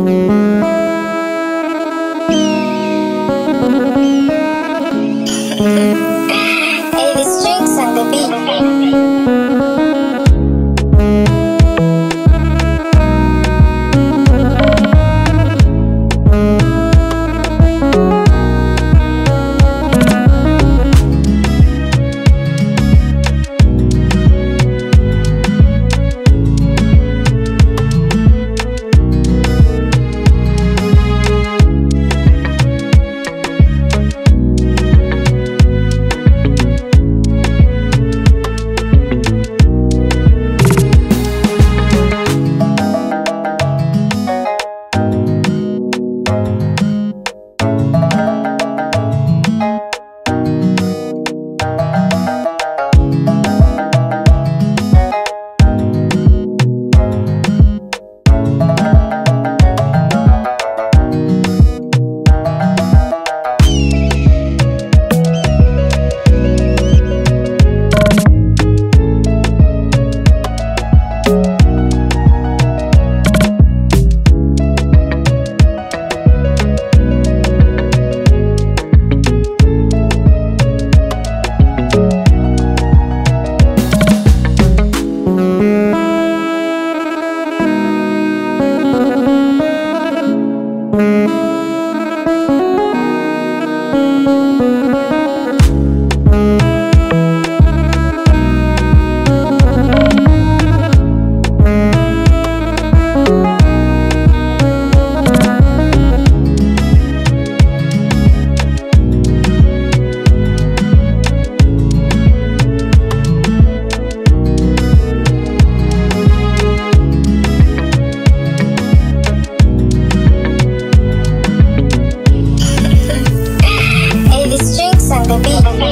Thank you. Thank